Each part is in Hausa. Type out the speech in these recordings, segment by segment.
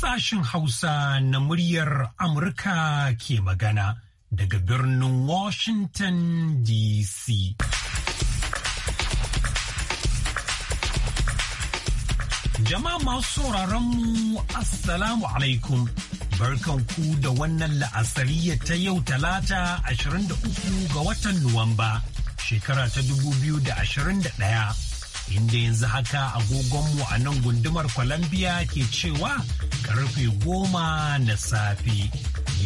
Sashen Hausa na muryar Amurka ke magana daga birnin Washington DC. Jama'a masu sauraron mu Assalamu alaikum. Barkan ku da wannan la'asariya ta yau talata 23 ga watan Nuwamba shekara ta 2021 inda yanzu haka agogonmu a nan gundumar Columbia ke cewa karfe goma na safe.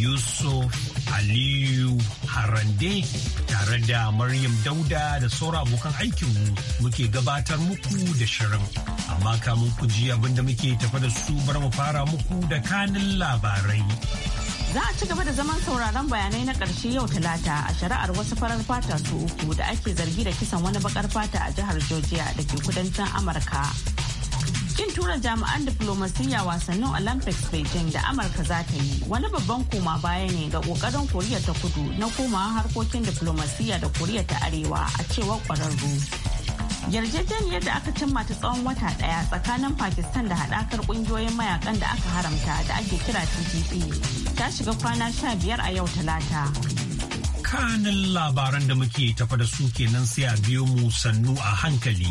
Yusuf Aliyu Harande tare da Maryam Dauda da sauran abokan mu muke gabatar muku da shirin. Amma kamun ku ji abinda muke tafa da su bar mu fara muku da kanin labarai. Za a ci gaba da zaman sauraron bayanai na ƙarshe yau talata a shari'ar wasu farar fata su uku da ake zargi da kisan wani baƙar fata a jihar Georgia da ke kudancin Amurka. Kin tura jami'an diplomasiyya wasannin Olympics Beijing da Amurka za ta yi wani babban koma baya ne ga kokarin Koriya ta kudu na komawa harkokin diplomasiyya da Koriya ta Arewa a cewar kwararru. yarjejeniyar da aka cimma ta tsawon wata daya tsakanin pakistan da haɗakar ƙungiyoyin mayakan da aka haramta da ake kira tpp ta shiga kwana sha biyar a yau talata kanin labaran da muke tafa da su kenan sai a biyo mu sannu a hankali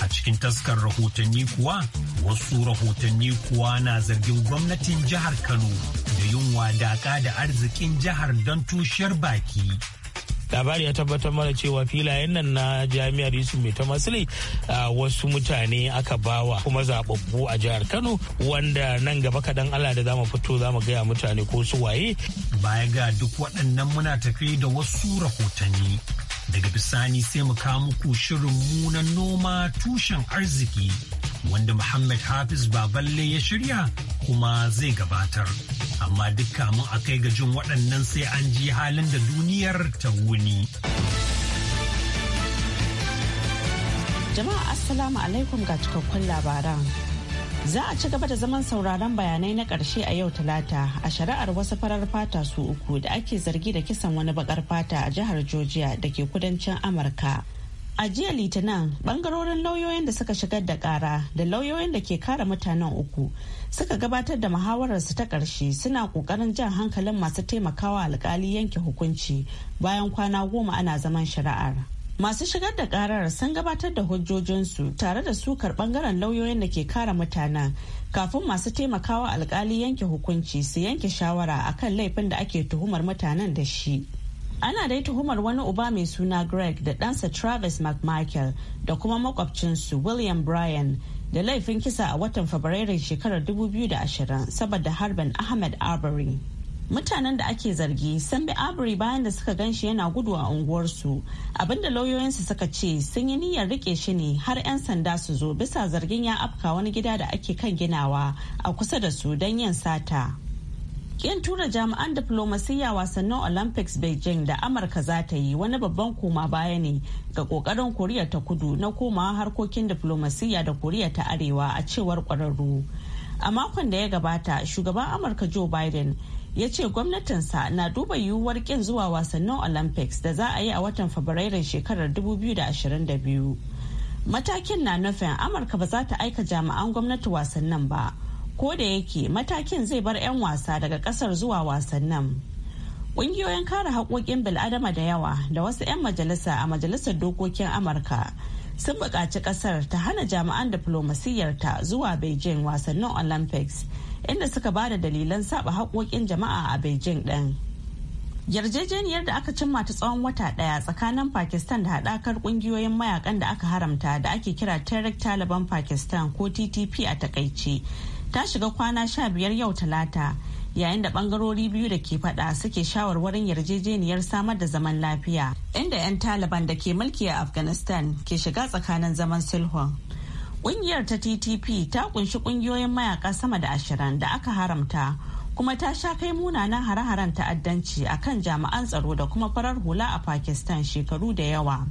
a cikin taskar rahotanni kuwa wasu rahotanni kuwa na zargin gwamnatin jihar kano da yunwa daka da arzikin jihar don tushiyar baki labari ya tabbatar mara cewa filayen nan na jami'ar yusuf mai ta masli wasu mutane aka bawa kuma zababbu a jihar kano wanda nan gaba kaɗan allah da zamu fito zamu gaya mutane ko su waye baya ga duk waɗannan muna tafi da wasu rahotanni Daga bisani sai mu kawo muku shirin na noma tushen arziki wanda Muhammad Hafiz Baballe ya shirya kuma zai gabatar. Amma dukka mun a kai jin waɗannan sai an ji halin da duniyar ta wuni. Jama'a Assalamu alaikum ga cikakkun labaran. Za a ci gaba da zaman sauraron bayanai na ƙarshe a yau Talata a shari'ar wasu farar fata su uku da ake zargi da kisan wani bakar fata a jihar Georgia da ke kudancin Amurka. A jiya Litinin, bangarorin lauyoyin da suka shigar da ƙara da lauyoyin da ke kare mutanen uku suka gabatar da muhawararsu ta ƙarshe suna ƙoƙarin jan hankalin masu taimakawa alƙali yanke hukunci bayan kwana goma ana zaman shari'ar. masu shigar da karar sun gabatar da hujjojinsu tare da sukar bangaren lauyoyin da ke kare mutanen kafin masu taimakawa alkali yanke hukunci su yanke shawara akan laifin da ake tuhumar mutanen da shi ana dai tuhumar wani uba mai suna greg da ɗansa travis mcmichael da kuma makwabcinsu william bryan da laifin kisa a watan fabrairun shekarar 2020 saboda harbin ahmed arbery mutanen da ake zargi sun bi abri bayan da suka gan shi yana gudu a unguwarsu abinda lauyoyinsu suka ce sun yi niyyar rike shi ne har 'yan sanda su zo bisa zargin ya afka wani gida da ake kan ginawa a kusa da su don yin sata kin tura jami'an diflomasiyya wasannin olympics beijing da amurka za ta yi wani babban koma baya ne ga kokarin koriya ta kudu na komawa harkokin diflomasiyya da koriya ta arewa a cewar kwararru a makon da ya gabata shugaban amurka joe biden ya ce gwamnatinsa na duba yiwuwar kin zuwa wasannin olympics da za a yi a watan fabrairun shekarar 2022 matakin na nufin amurka ba za ta aika jami'an gwamnati wasannin ba ko da yake matakin zai bar 'yan wasa daga kasar zuwa wasannin ƙungiyoyin kare haƙoƙin bil'adama da yawa da wasu 'yan majalisa a majalisar dokokin amurka sun buƙaci ƙasar ta hana jami'an ta zuwa beijing wasannin olympics inda suka ba da dalilan saba haƙoƙin jama'a a beijing ɗin yarjejeniyar da aka cimma ta tsawon wata ɗaya tsakanin pakistan da haɗakar ƙungiyoyin mayakan da aka haramta da ake kira tarik taliban pakistan ko ttp a takaice ta shiga kwana sha biyar yau talata yayin da ɓangarori biyu da ke faɗa suke shawarwarin yarjejeniyar samar da zaman lafiya inda 'yan taliban da ke mulki a afghanistan ke shiga tsakanin zaman sulhun Ƙungiyar ta TTP ta kunshi ƙungiyoyin mayaka sama da ashirin da aka haramta kuma ta sha kai munanan hare-haren ta'addanci a kan jami'an tsaro da kuma farar hula a Pakistan shekaru da yawa.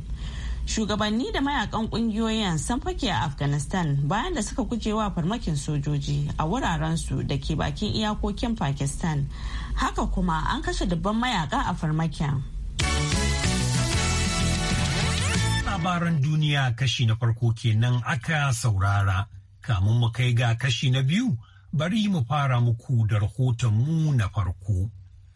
Shugabanni da mayakan ƙungiyoyin sun fake a Afghanistan bayan da suka gujewa farmakin sojoji a wuraren su da ke bakin iyakokin Pakistan. Haka kuma an kashe dubban mayaka a farmakin. Labaran duniya kashi na farko kenan aka saurara. Kamun mu kai ga kashi na biyu bari mu fara muku da rahotonmu na farko.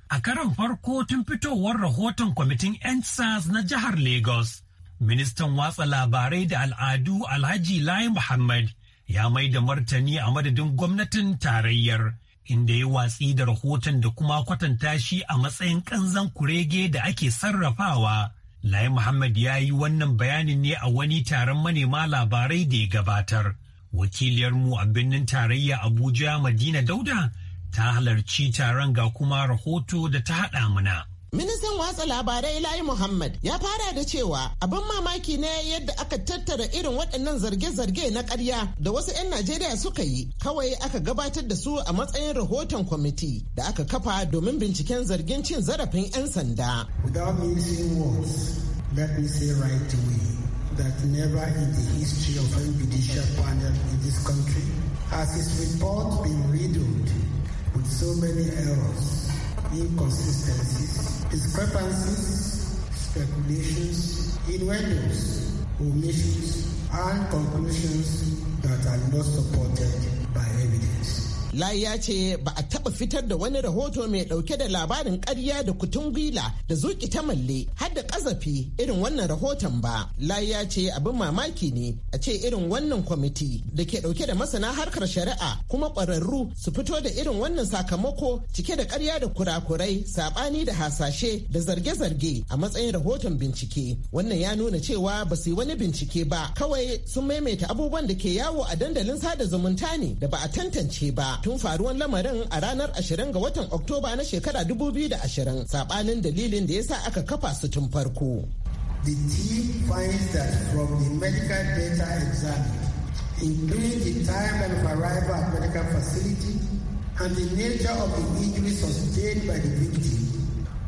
A karan farko tun fitowar rahoton kwamitin NSAS na jihar Lagos, ministan watsa labarai da al'adu Alhaji Lai Muhammad ya mai da martani a madadin gwamnatin tarayyar, inda ya watsi da rahoton da kuma kwatanta shi a matsayin kanzan kurege da ake sarrafawa. Lai Muhammad ya yi wannan bayanin ne a wani taron manema labarai da ya gabatar. Wakiliyarmu a birnin tarayya Abuja Madina Dauda ta halarci taron ga kuma rahoto da ta haɗa mana. Ministan watsa labarai Lai Muhammad ya fara da cewa abin mamaki ne yadda aka tattara irin waɗannan zarge-zarge na ƙarya da wasu 'yan Najeriya suka yi kawai aka gabatar da su a matsayin rahoton kwamiti da aka kafa domin binciken zargin cin zarafin 'yan sanda. Without let me say right away that never in the history of any judicial panel in this country has his report been riddled with so many errors inconsistencies, discrepancies, speculations, innuendos, omissions, and conclusions that are not supported by evidence. Lai ya ce ba a taɓa fitar da wani rahoto mai ɗauke da labarin ƙarya da kutun gwila da zuki ta malle har da ƙazafi irin wannan rahoton ba. Lai ya ce abin mamaki ne a ce irin wannan kwamiti da ke ɗauke da masana harkar shari'a kuma ƙwararru su fito da irin wannan sakamako cike da ƙarya da kurakurai saɓani da hasashe da zarge-zarge a matsayin rahoton bincike. Wannan ya nuna cewa ba su yi wani bincike ba kawai sun maimaita abubuwan da ke yawo a dandalin sada zumunta ne da ba a tantance ba. tun faruwan lamarin a ranar 20 ga watan Oktoba na shekara 2020 sabanin dalilin da ya sa aka kafa su tun farko. The team finds that from the medical data exam including the time of arrival at medical facility and the nature of the injury sustained by the victim,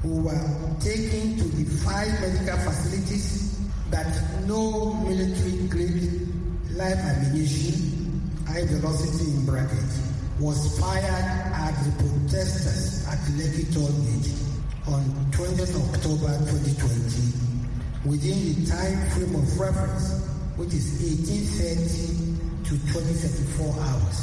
who were taken to the five medical facilities that no military grade life ammunition, high velocity in bracket. was fired at the protesters at Lekki Toll Gate on 20th October 2020 within the time frame of reference, which is 1830 to 2034 hours.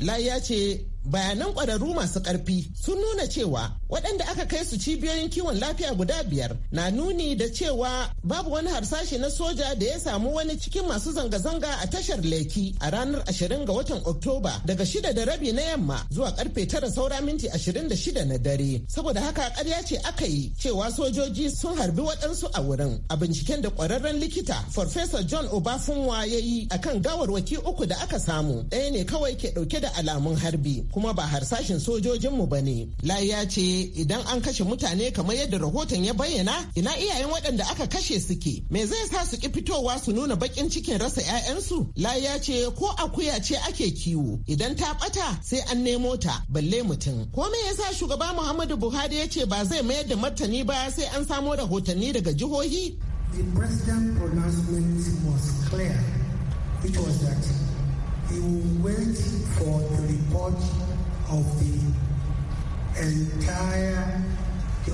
Lai ya ce bayanan ƙwararru masu ƙarfi sun nuna cewa waɗanda aka kai su cibiyoyin kiwon lafiya guda biyar na nuni da cewa babu wani harsashi na soja da ya samu wani cikin masu zanga-zanga a tashar leki a ranar 20 ga watan oktoba daga shida da rabi na yamma zuwa karfe tara saura minti 26 na dare saboda haka karya ce aka yi cewa sojoji sun harbi waɗansu a wurin a binciken da kwararren likita farfesa john obafunwa ya yi akan gawarwaki uku da aka samu ɗaya ne kawai ke ɗauke da alamun harbi kuma ba harsashin sojojinmu ba ne layi ce idan an kashe mutane kamar yadda rahoton ya bayyana ina iyayen waɗanda aka kashe suke me zai sa su ki fitowa su nuna baƙin cikin rasa 'ya'yansu layi ya ce ko akuya ce ake kiwo idan ta ɓata sai an nemo ta balle mutum ko me yasa shugaba muhammadu buhari ya ce ba zai mayar da martani ba sai an samo rahotanni daga jihohi The president pronouncement was clear, which was that of the entire,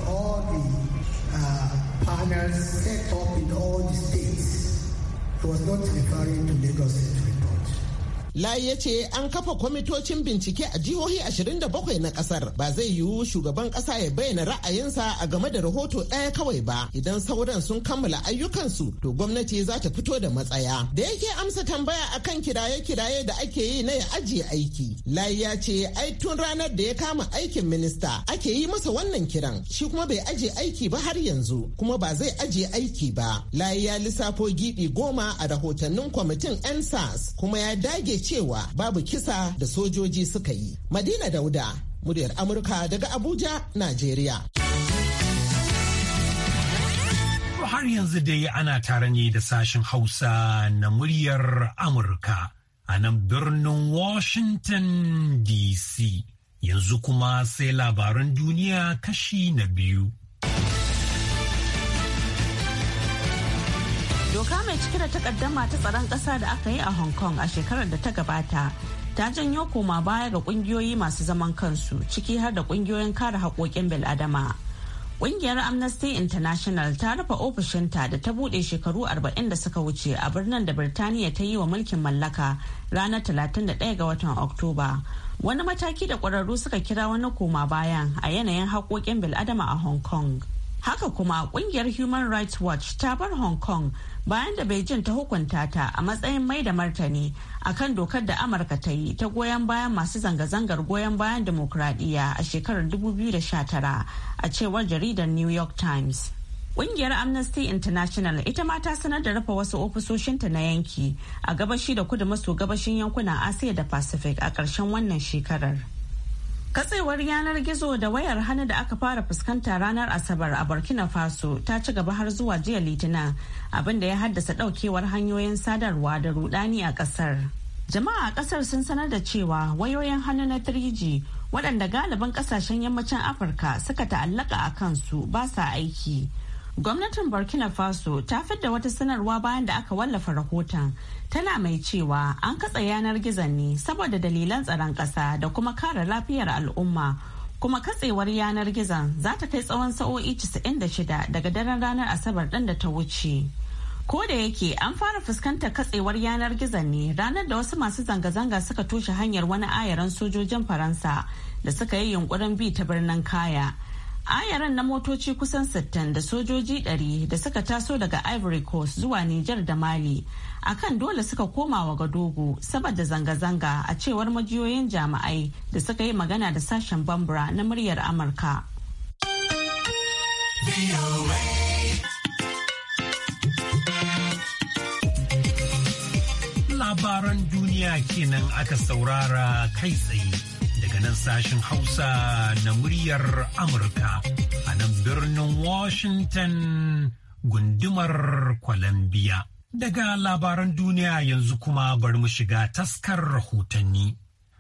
all the uh, panels set up in all the states. It was not referring to Lagos lai ya ce an kafa kwamitocin bincike a jihohi 27 na kasar. Ba zai yiwu shugaban kasa ya bayyana ra'ayinsa a game da rahoto ɗaya kawai ba. Idan sauran sun kammala ayyukansu to gwamnati za ta fito da matsaya. Da yake amsa tambaya akan kiraye-kiraye da ake yi na ya ajiye aiki. Lai ya ce ai tun ranar da ya kama aikin minista ake yi masa wannan kiran. Shi kuma bai ajiye aiki ba har yanzu kuma ba zai ajiye aiki ba. lai ya lissafo gibi goma a rahotannin kwamitin NSAS kuma ya dage cewa babu kisa da sojoji suka yi. Madina Dauda, muryar Amurka daga Abuja, Najeriya. Har yanzu dai ana tare ne da sashen Hausa na muryar Amurka a nan birnin Washington DC. Yanzu kuma sai labaran duniya kashi na biyu. Doka mai cike da takaddama ta tsaron kasa da aka yi a Hong Kong a shekarar da ta gabata ta janyo koma baya ga kungiyoyi masu zaman kansu ciki har da kungiyoyin kare haƙoƙin bil adama Ƙungiyar Amnesty International ta rufe ofishinta da ta buɗe shekaru 40 da suka wuce a birnin da Birtaniya ta yi wa mulkin mallaka ranar 31 ga watan Oktoba. Wani mataki da ƙwararru suka kira wani koma bayan a yanayin haƙoƙin bil'adama a Hong Kong. haka kuma kungiyar human rights watch ta bar hong kong bayan da beijing ta hukunta ta a matsayin mai da martani akan dokar da amurka ta yi ta goyon bayan masu zanga-zangar goyon bayan demokradiyya a shekarar 2019 a cewar jaridar new york times Ƙungiyar Amnesty International ita ma ta sanar da rufe wasu ofisoshinta na yanki a gabashi da kudu maso gabashin yankunan Asiya da Pacific a ƙarshen wannan shekarar. katsewar yanar gizo da wayar hannu da aka fara fuskanta ranar asabar a burkina faso ta ci gaba har zuwa jiya litinin da ya haddasa daukewar hanyoyin sadarwa da rudani a kasar jama'a a kasar sun sanar da cewa wayoyin hannu na 3g waɗanda galibin kasashen yammacin afirka suka ta'allaka a kansu ba sa aiki gwamnatin burkina faso ta fidda wata sanarwa bayan da aka wallafa rahoton tana mai cewa an katsa yanar gizon ne saboda dalilan tsaron ƙasa da kuma kare lafiyar al'umma kuma katsewar yanar gizon za ta kai tsawon sa'o'i 96 daga daren ranar asabar ɗin da ta wuce ko da yake an fara fuskantar katsewar yanar gizon ne ranar da wasu masu zanga-zanga suka toshe hanyar wani ayaran sojojin faransa da suka yi yunkurin bi ta birnin kaya ayaran na motoci kusan 60 da sojoji 100 da suka taso daga ivory coast zuwa niger da mali akan dole suka koma wa gadogo saboda zanga-zanga a cewar majiyoyin jami'ai da suka yi magana da sashen bambara na muryar amurka labaran duniya kenan aka saurara kai tsaye Da nan sashen Hausa na muryar Amurka a nan birnin Washington gundumar Columbia. Daga labaran duniya yanzu kuma bari mu shiga taskar rahotanni.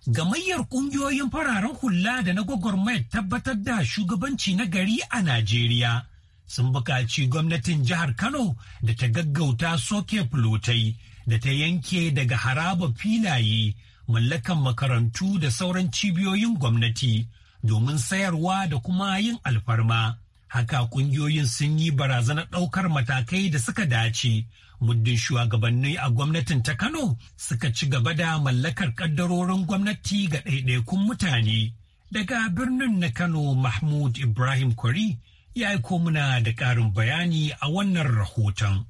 Gamayyar ƙungiyoyin fararen hula da na gwagwarmayar tabbatar da shugabanci na gari a Najeriya sun buƙaci gwamnatin jihar Kano da ta gaggauta soke fulotai da ta yanke daga haraba filaye mallakan makarantu da sauran cibiyoyin gwamnati domin sayarwa da kuma yin alfarma. Haka kungiyoyin sun yi barazanar ɗaukar matakai da suka dace. Muddin shugabanni a gwamnatin ta Kano suka ci gaba da mallakar ƙaddarorin gwamnati ga ɗaiɗaikun mutane. Daga birnin na Kano Mahmud Ibrahim Kwari ya aiko muna da ƙarin bayani a wannan rahoton.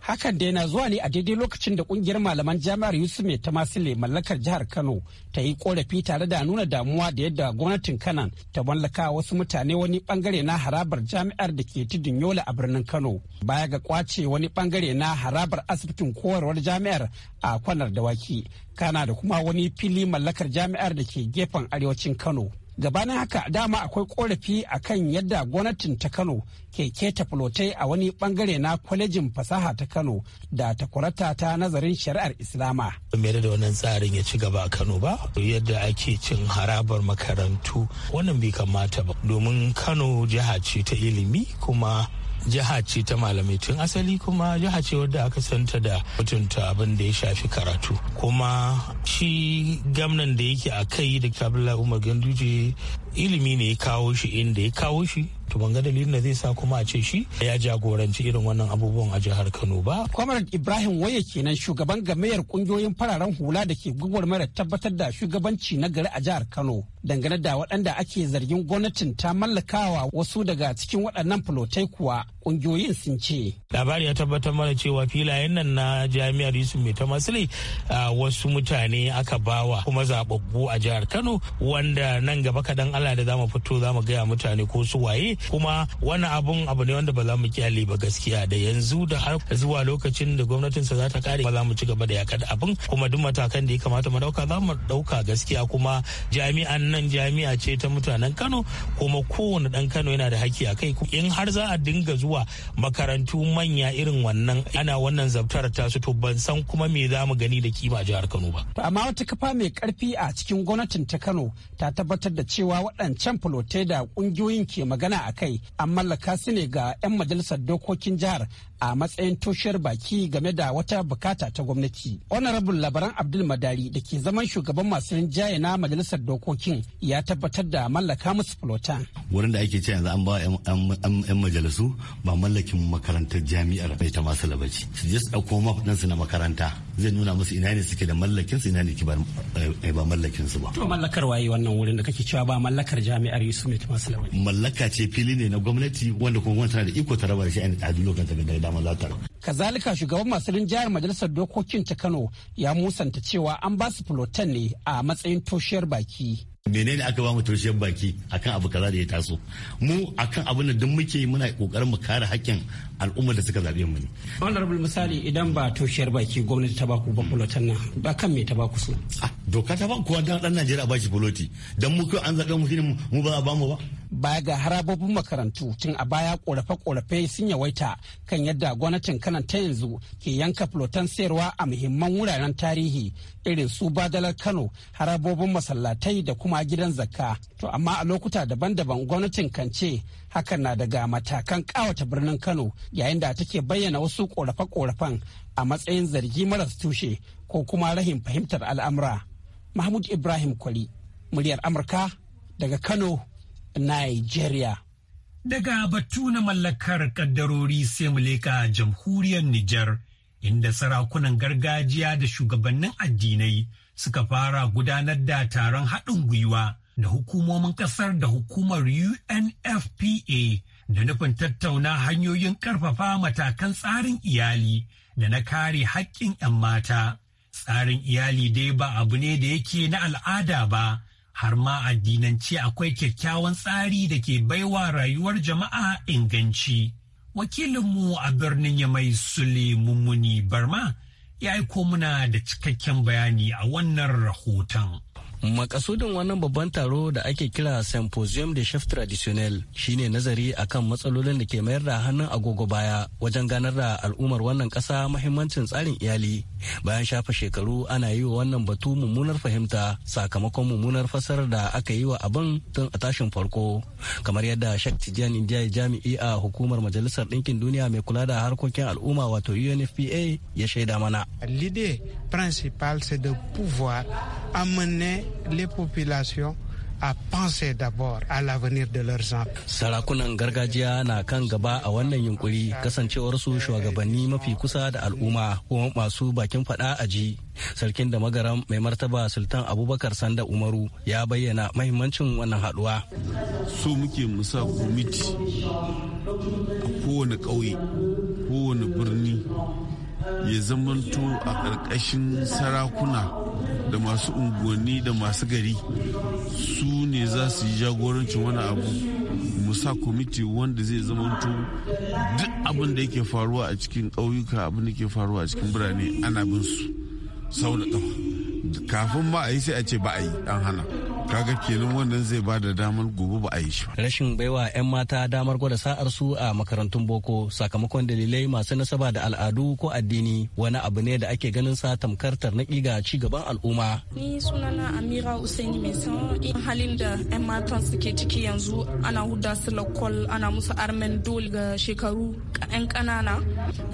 Hakan dai na zuwa ne a daidai lokacin da kungiyar malaman jami'ar Yusuf Mai ta Masile mallakar jihar Kano ta yi korafi tare da nuna damuwa da yadda gwamnatin Kanan ta mallaka wasu mutane wani bangare na harabar jami'ar da ke tudun Yola a birnin Kano. Baya ga kwace wani bangare na harabar asibitin koyarwar jami'ar a kwanar dawaki. Kana da kuma wani fili mallakar jami'ar da ke gefen arewacin Kano. gabanin haka dama akwai korafi a kan yadda gwamnatin ta kano ke keta fulotai a wani bangare na kwalejin fasaha ta kano da takwarata ta nazarin shari'ar islama mere da wannan tsarin ya ci gaba a kano ba yadda ake cin harabar makarantu wannan bai kamata ba domin kano jiha ce ta ilimi kuma jiha ce ta malamai tun asali kuma jiha ce wadda aka santa da mutunta abin da ya shafi karatu kuma shi gamnan da yake a kai da kabila umar ganduje ilimi ne ya kawo shi inda ya kawo shi to ban ga dalilin da zai sa kuma a ce shi ya jagoranci irin wannan abubuwan a jihar Kano ba. Kwamar Ibrahim Waye kenan shugaban gamayar kungiyoyin fararen hula da ke mara tabbatar da shugabanci na gari a jihar Kano dangane da waɗanda ake zargin gwamnatin ta mallakawa wasu daga cikin waɗannan fulotai kuwa kungiyoyin sun ce. Labari ya tabbatar mana cewa filayen nan na jami'ar Yusuf Mai Tamasile wasu mutane aka bawa kuma zababbu a jihar Kano wanda nan gaba kadan Allah da zamu fito zamu gaya mutane ko su waye kuma wani abun abu ne wanda ba za mu kyale ba gaskiya da yanzu da har zuwa lokacin da gwamnatin sa za ta kare ba za mu ci gaba da yakar abin kuma duk matakan da ya kamata mu dauka za mu dauka gaskiya kuma jami'an nan jami'a ce ta mutanen Kano kuma kowane dan Kano yana da haƙƙi a kai in har za a dinga zuwa abubuwa makarantu manya irin wannan ana wannan zabtar ta su to ban san kuma me za mu gani da kima jihar Kano ba. amma wata kafa mai karfi a cikin gwamnatin ta Kano ta tabbatar da cewa waɗancan fulotai da ƙungiyoyin ke magana a kai an mallaka su ne ga 'yan majalisar dokokin jihar a matsayin toshiyar baki game da wata bukata ta gwamnati. Honorable labaran Abdul Madari da ke zaman shugaban masu rinjaye na majalisar dokokin ya tabbatar da mallaka musu fulotan. Wurin da ake ce yanzu an ba 'yan majalisu ba mallakin makarantar jami'ar bai ta masu labaci su je su dauko map ɗinsu na makaranta zai nuna musu ina ne suke da mallakin su ina ne ba eh, mallakin su ba. to mallakar waye wannan wurin da kake cewa ba mallakar jami'ar yusuf mai ta masu labaci. mallaka ce fili ne na gwamnati wanda kuma tana da iko ta raba da shi a duk lokacin da dama za ta raba. kazalika shugaban masu rinjayar majalisar dokokin ta kano ya musanta cewa an ba su ne a matsayin toshiyar baki. menene aka ba mu toshiyar baki akan abu kaza da ya taso mu akan abu da duk muke muna kokarin mu kare hakkin al'ummar da suka zabe mu ne honorable misali idan ba toshiyar baki gwamnati ta baku ba bulletin nan ba kan me ta baku so ah, doka ta baku kuwa dan Najeriya ba shi bulletin dan mu an zabe mu shine mu ba ba mu ba baya ga harabobin makarantu tun a baya korafe-korafe sun yawaita kan yadda gwamnatin kanan ta yanzu ke yanka fulotan sayarwa a muhimman wuraren tarihi irin su badalar kano harabobin masallatai da kuma gidan zakka to amma a lokuta daban-daban gwamnatin kan ce hakan na daga matakan kawata birnin kano yayin da take bayyana wasu korafe-korafen a matsayin zargi maras tushe ko kuma rahin fahimtar al'amura mahmud ibrahim kwali muryar amurka daga kano nigeria daga batu na mallakar kaddarori sai mu leka jamhuriyar Nijar. inda sarakunan gargajiya da shugabannin addinai suka fara gudanar da taron haɗin gwiwa da hukumomin ƙasar da hukumar UNFPA da nufin tattauna hanyoyin ƙarfafa matakan tsarin iyali da na kare haƙƙin 'yan mata. Tsarin iyali dai ba abu ne da yake na al'ada ba, har ma addinance akwai kyakkyawan tsari da ke baiwa rayuwar jama'a inganci. wakilinmu a birnin ya mai Sule Mummuni Barma ya aiko muna da cikakken bayani a wannan rahoton. Makasudin wannan babban taro da ake kira Symposium de Chef Traditionnel shine nazari akan matsalolin da ke mayar da hannun agogo baya wajen ganar da al'ummar wannan ƙasa mahimmancin tsarin iyali. Bayan shafa shekaru ana yi wa wannan batu mummunar fahimta sakamakon mummunar fasar da aka yi wa abin tun a tashin farko. Kamar yadda shakti jan india jami'i a hukumar Majalisar Ɗinkin Duniya mai kula da harkokin al'umma wato UNFPA ya shaida mana. L'idée principale c'est de pouvoir amener les populations a penser d'abord à l'avenir de leurs enfants. Sarakunan gargajiya na kan gaba a wannan yunkuri kasancewar su shugabanni mafi kusa da al'umma kuma masu bakin fada a ji. Sarkin da magaram mai martaba Sultan Abubakar Sanda Umaru ya bayyana mahimmancin wannan haduwa. So muke musa komiti a kowane ƙauye, kowane birni, ya zamanto a ƙarƙashin sarakuna da masu unguwanni da masu gari su ne za su yi jagorancin wani abu mu kwamiti wanda zai zamanto duk abin da yake faruwa a cikin ƙauyuka abin da ke faruwa a cikin birane ana bin su sau da kafin ma a yi sai a ce ba a yi an hana kaga kenan wannan zai ba da damar gobe ba a yi shi rashin baiwa 'yan mata damar gwada sa'ar su a makarantun boko sakamakon dalilai masu nasaba da al'adu ko addini wani abu ne da ake ganin sa tamkar na ga ci gaban al'umma ni sunana amira usaini mai san halin da 'yan matan suke ciki yanzu ana huda su lakol ana musu armen dol ga shekaru 'yan kanana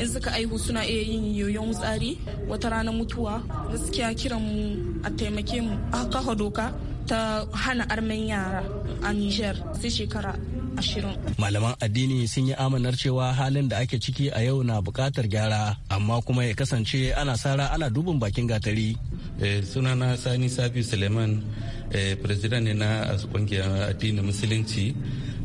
in suka aihu suna iya yin yoyon tsari wata rana mutuwa gaskiya kiran mu a taimake mu a kafa doka ta hana armen yara a Nijar sai shekara ashirin. Malaman addini sun yi amanar cewa halin da ake ciki a yau na bukatar gyara amma kuma ya kasance ana sara ana dubin bakin gatari. Eh, sunana Sani Safi Suleiman eh, president ne na kungiyar addinin musulunci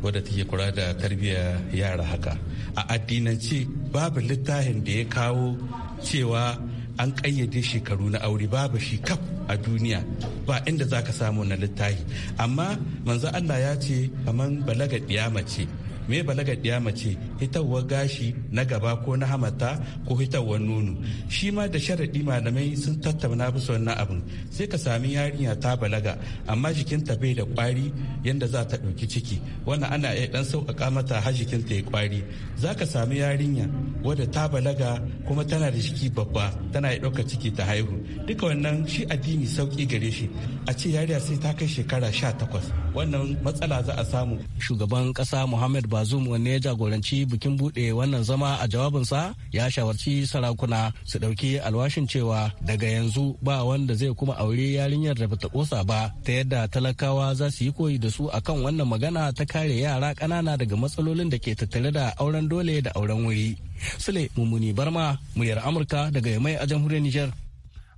wadda take kula da tarbiyyar yara haka. A addinance babu littafin da ya kawo cewa an ƙayyade shekaru na aure babu shi kaf a duniya ba inda za ka samu na littahi amma manzo Allah ya ce kaman balaga ɗiya ce me balaga ɗiya mace hitawar gashi na gaba ko na hamata ko hitawar nono shi ma da sharaɗi malamai sun tattauna bisa wannan abin sai ka sami yarinya ta balaga amma jikinta bai da kwari yadda za ta ɗauki ciki wannan ana iya ɗan sauƙaƙa mata har jikinta ya kwari za ka sami yarinya wadda ta balaga kuma tana da jiki babba tana iya ɗauka ciki ta haihu duka wannan shi addini sauƙi gare shi a ce yarinya sai ta kai shekara sha takwas wannan matsala za a samu shugaban ƙasa muhammad ba bazum wanne ya jagoranci bikin bude wannan zama a jawabinsa ya shawarci sarakuna su ɗauki alwashin cewa daga yanzu ba wanda zai kuma aure yarinyar da bata kosa ba ta yadda talakawa za su yi koyi da su akan wannan magana ta kare yara ƙanana daga matsalolin da ke tattare da auren dole da auren wuri. Sule Mummuni Barma, muryar Amurka daga Yamai a jamhuriyar Nijar.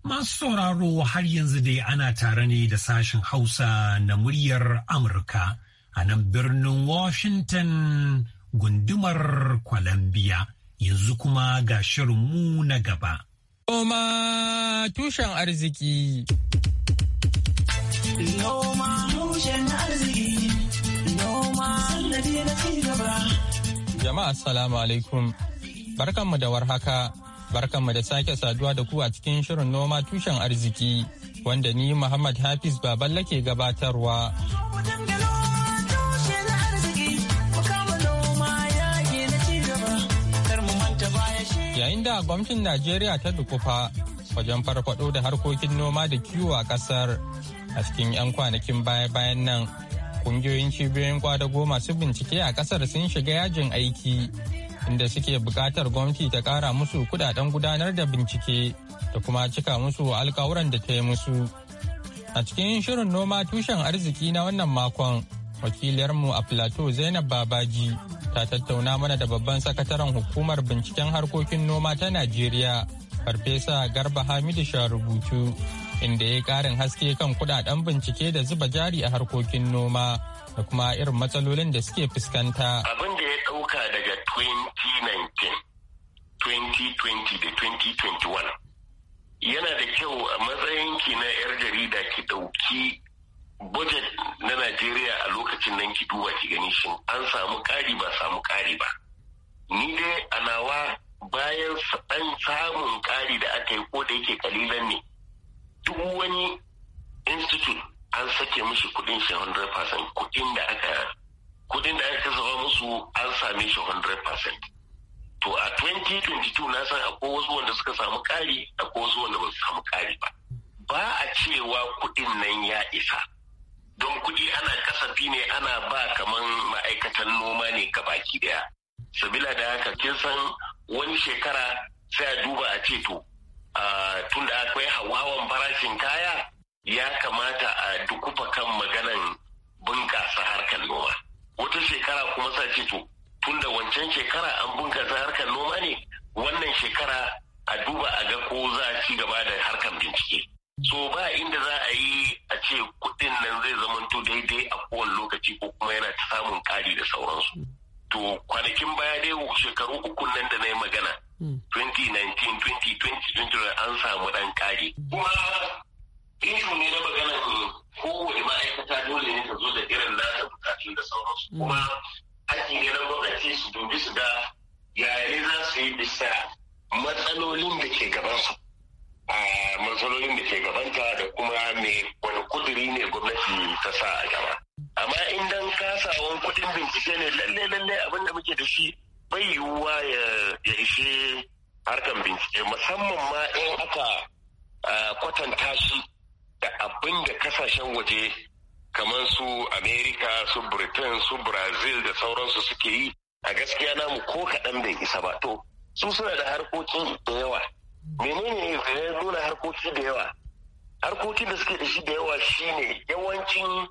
Masu sauraro har yanzu dai ana tare ne da sashen Hausa na muryar Amurka. a nan birnin Washington gundumar Columbia. Yanzu kuma ga mu na gaba. Noma tushen arziki. Noma tushen arziki. Noma na gaba. Jama'a salamu alaikum. Barkanmu da warhaka. Barkanmu da sake saduwa da ku a cikin shirin noma tushen arziki wanda ni Muhammad Hafiz Baballa ke gabatarwa. yayin da gwamnatin najeriya ta dukufa wajen farfado da harkokin noma da kiwo a kasar a cikin 'yan kwanakin baya-bayan nan kungiyoyin cibiyoyin kwadago masu bincike a kasar sun shiga yajin aiki inda suke bukatar gwamnati ta kara musu kudaden gudanar da bincike da kuma cika musu alkawuran da ta yi musu a cikin shirin noma tushen arziki na wannan makon wakiliyarmu a plateau zainab babaji ta tattauna mana da babban sakataren hukumar binciken harkokin noma ta Najeriya, Farfesa Garba Hamidu Sharubutu, inda ya karin haske kan kudaden bincike da zuba jari a harkokin noma da kuma irin matsalolin da suke fuskanta. Abin da ya ɗauka daga 2019, 2020 da 2021 yana da kyau a matsayinki na 'yar jarida ki ɗauki budget na najeriya a lokacin nan ki duba ki gani shin an samu kari ba samu kari ba ni dai a nawa bayan an samun kari da aka yi ko da yake kalilan ne duk wani institute an sake musu kudin shi 100% kudin da aka kudin da aka zama musu an same shi 100% to a 2022 na san akwai wasu wanda suka samu kari akwai wasu wanda ba su samu kari ba ba a cewa kudin nan ya isa don kuɗi ana kasafi ne ana ba kaman ma'aikatan noma ne ka baki daya sabila da haka kin san wani shekara sai a duba a ce to tunda akwai hawawan farashin kaya ya kamata a dukufa kan maganan bunƙasa harkar noma wata shekara kuma sa ce to tunda wancan shekara an bunƙasa harkar noma ne wannan shekara a duba a ga ko za a ci gaba da harkar bincike so ba inda za a yi a ce kuɗin nan zai zamanto daidai a kowane lokaci ko kuma yana samun ƙari da sauransu to kwanakin baya dai shekaru uku nan da na yi magana 2019 hmm. 2020 an samu dan ƙari kuma ishu ne na magana ne kowane ma'aikata dole ne ta zo da irin nata bukatun da sauransu hmm. kuma hakki ne na gwamnati su dubi su da yare za su yi bisa matsalolin da ke gabansu matsalolin da ke gabanta da kuma me wani kuduri ne gwamnati ta sa a gaba amma in dan kasawan kudin bincike ne lalle lalle abin da muke da shi bai yiwuwa ya ishe harkan bincike musamman ma in aka kwatanta shi da abin da kasashen waje kamar su Amerika, su britain su brazil da sauransu suke yi a gaskiya namu ko kaɗan bai isa ba to su suna da harkokin da yawa menene ya nuna harkoki da yawa harkoki da suke da shi da yawa shine yawancin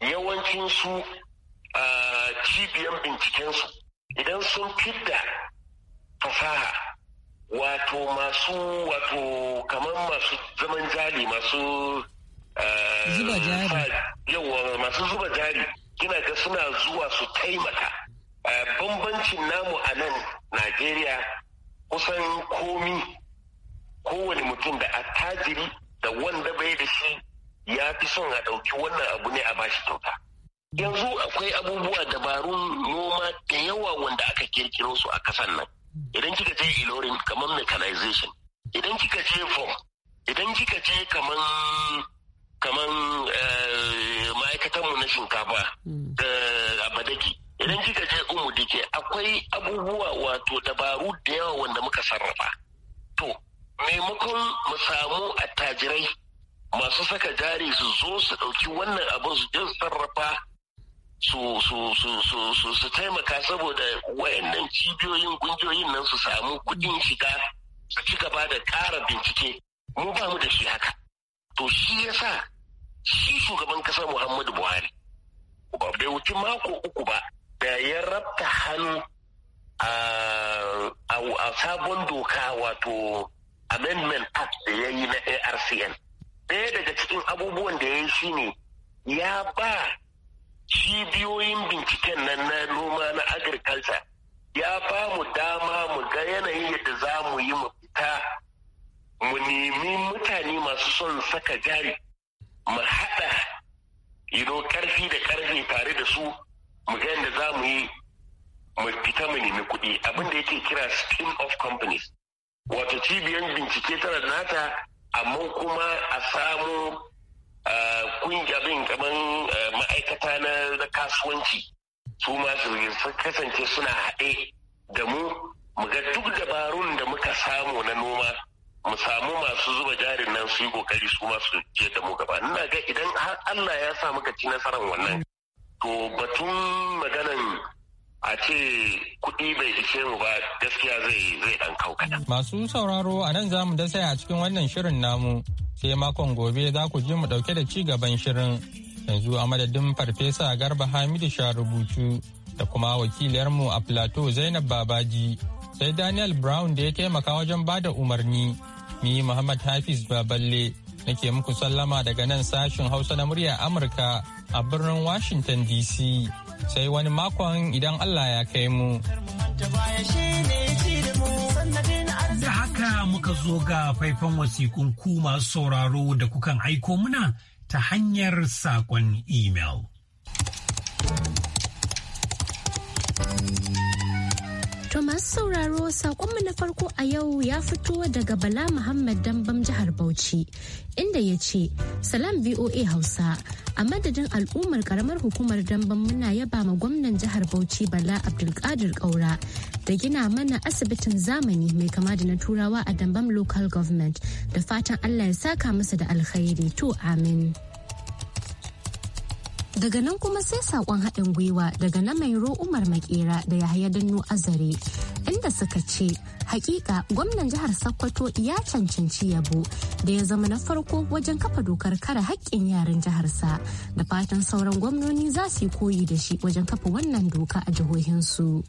yawancin su a cibiyar bincikensu idan sun fidda fasaha wato masu wato kamar masu zaman jari masu zuba jari yawa masu zuba jari kina ga suna zuwa su taimaka bambancin namu a nan najeriya kusan komi kowane mutum da attajiri da wanda bai da shi ya fi son a ɗauki wannan abu ne a bashi kyauta. Yanzu akwai abubuwa dabarun noma da yawa wanda aka kirkiro su a kasan nan. Idan kika je ilorin kamar mechanization, idan kika je form, idan kika je kamar kamar eh, ma'aikatanmu na shinkafa hmm. da abadaki, idan kika je dike akwai abubuwa wato dabaru da yawa wanda muka sarrafa. To, maimakon mu samu attajirai masu saka jari su zo su ɗauki wannan abin su jin sarrafa su taimaka saboda wayannan cibiyoyin kungiyoyin nan su samu kuɗin shiga su ci gaba da ƙara bincike mu ba mu da shi haka to shi yasa shi shugaban ƙasa Muhammadu Buhari ba bai wuce mako uku ba da ya rabta hannu a sabon doka wato amendment act da ya yi na arcn ɗaya daga cikin abubuwan da ya yi shine ya ba cibiyoyin binciken nan na noma na agriculture ya ba mu dama mu ga yanayin yadda za mu yi mu fita mu nemi mutane masu son saka jari mu haɗa ido karfi da ƙarfi tare da su mu ga yadda za mu yi mu fita mu nemi kuɗi abin da yake kira scheme of companies wata cibiyar bincike tana nata amma kuma a samu kungiyar kaman ma'aikata na kasuwanci su masu kasance suna haɗe da mu mu ga duk dabarun da muka samu na noma mu samu masu zuba jarin nan su yi kokari su masu je da mu gaba ina ga idan har Allah ya sa muka ci nasarar wannan to batun maganan a ce kuɗi bai ishe mu ba gaskiya zai zai dan kaukana. Masu sauraro a nan zamu mu dasa a cikin wannan shirin namu sai makon gobe za ku ji mu ɗauke da ci gaban shirin yanzu a madadin farfesa garba hamidu rubutu da kuma wakiliyarmu a plateau zainab babaji sai daniel brown da ya taimaka wajen ba da umarni ni muhammad hafiz baballe nake muku sallama daga nan sashin hausa na murya amurka a birnin washington dc. sai wani makon idan Allah ya kai mu. Da haka muka zo ga faifan wasikun ku masu sauraro da kukan aiko muna ta hanyar saƙon imel. Masu sauraro saƙonmu na farko a yau ya fito daga Bala Muhammad Dambam jihar Bauchi inda ya ce Salam VOA Hausa a madadin al'ummar karamar hukumar Dambam muna yaba ma gwamnan jihar Bauchi Bala Abdulkadir Kaura da gina mana asibitin zamani mai kama da na turawa a Dambam Local Government da fatan Allah ya saka masa da alkhairi to amin. daga nan kuma sai saƙon haɗin gwiwa daga na mairo umar makera da haya dannu azare inda suka ce hakika gwamnan jihar Sokoto ya cancanci yabo da ya zama na farko wajen kafa dokar kare haƙƙin yaran jiharsa da fatan sauran gwamnoni za su yi koyi da shi wajen kafa wannan doka a jihohinsu.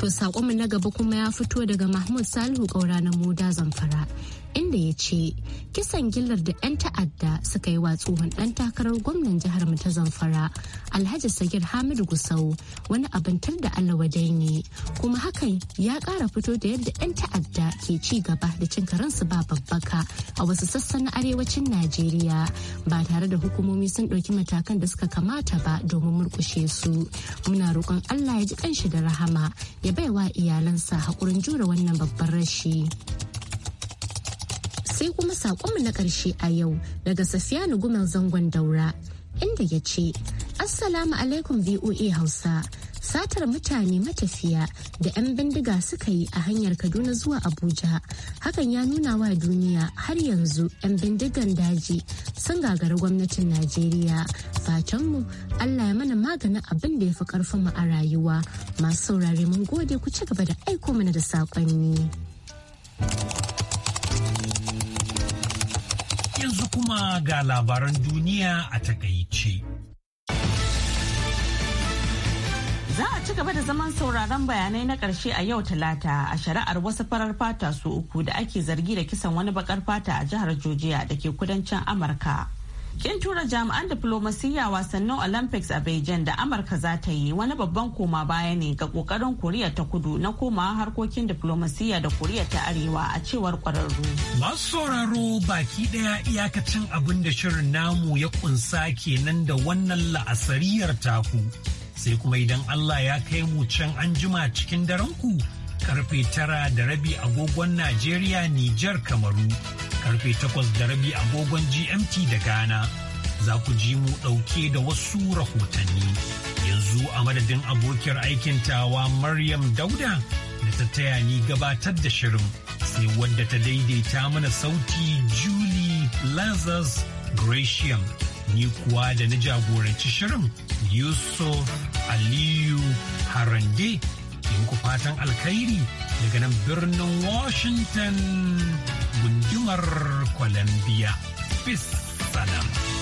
To saƙonmu na gaba kuma ya fito daga Mahmud Salihu Ƙaura na Moda Zamfara. inda ya ce kisan gillar da 'yan ta'adda suka yi wa tsohon dan takarar gwamnan jihar mu ta zamfara alhaji sagir hamidu gusau wani abin tar da alawadai ne kuma hakan ya kara fito da yadda 'yan ta'adda ke ci gaba da cin karansu ba babbaka a wasu sassan na arewacin najeriya ba tare da hukumomi sun ɗauki matakan da suka kamata ba domin murkushe su muna roƙon allah ya ji kanshi da rahama ya baiwa iyalansa haƙurin jure wannan babban rashi. sai kuma mu na ƙarshe a yau daga safiyanu gumen zangon daura inda ya ce assalamu alaikum voa hausa satar mutane matafiya da 'yan bindiga suka yi a hanyar kaduna zuwa abuja hakan ya nuna wa duniya har yanzu 'yan bindigan daji sun gagari gwamnatin najeriya fatanmu allah ya mana maganin abin da ya fi mu a rayuwa masu saurare mun gode ku ci gaba da aiko mana da saƙonni. kuma ga labaran duniya a takaice. Za a ci gaba da zaman sauraron bayanai na ƙarshe a yau talata a shari'ar wasu farar fata su uku da ake zargi da kisan wani bakar fata a jihar Georgia da ke kudancin Amurka. Kin tura jami'an diflomasiyya wasannin Olympics a Beijing da Amurka za ta yi wani babban koma baya ne ga kokarin Koriya ta kudu na komawa harkokin diflomasiyya da Koriya ta Arewa a cewar kwararru. Masu sauraro baki daya iyakacin abin da shirin namu ya kunsa kenan da wannan la'asariyar taku. Sai kuma idan Allah ya kai mu can an jima cikin daren ku karfe tara da rabi agogon Najeriya Nijar Kamaru, karfe takwas da rabi agogon GMT da Ghana. Za ku ji mu ɗauke da wasu rahotanni. Yanzu a madadin abokiyar aikin tawa Maryam Dauda da ta taya ni gabatar da shirin sai wadda ta daidaita mana sauti Julie Lazarus Gratiam. Ni kuwa da na jagoranci shirin Yusuf Aliyu Harande muku fatan alkhairi daga nan birnin Washington gundumar Columbia. Peace. Salam.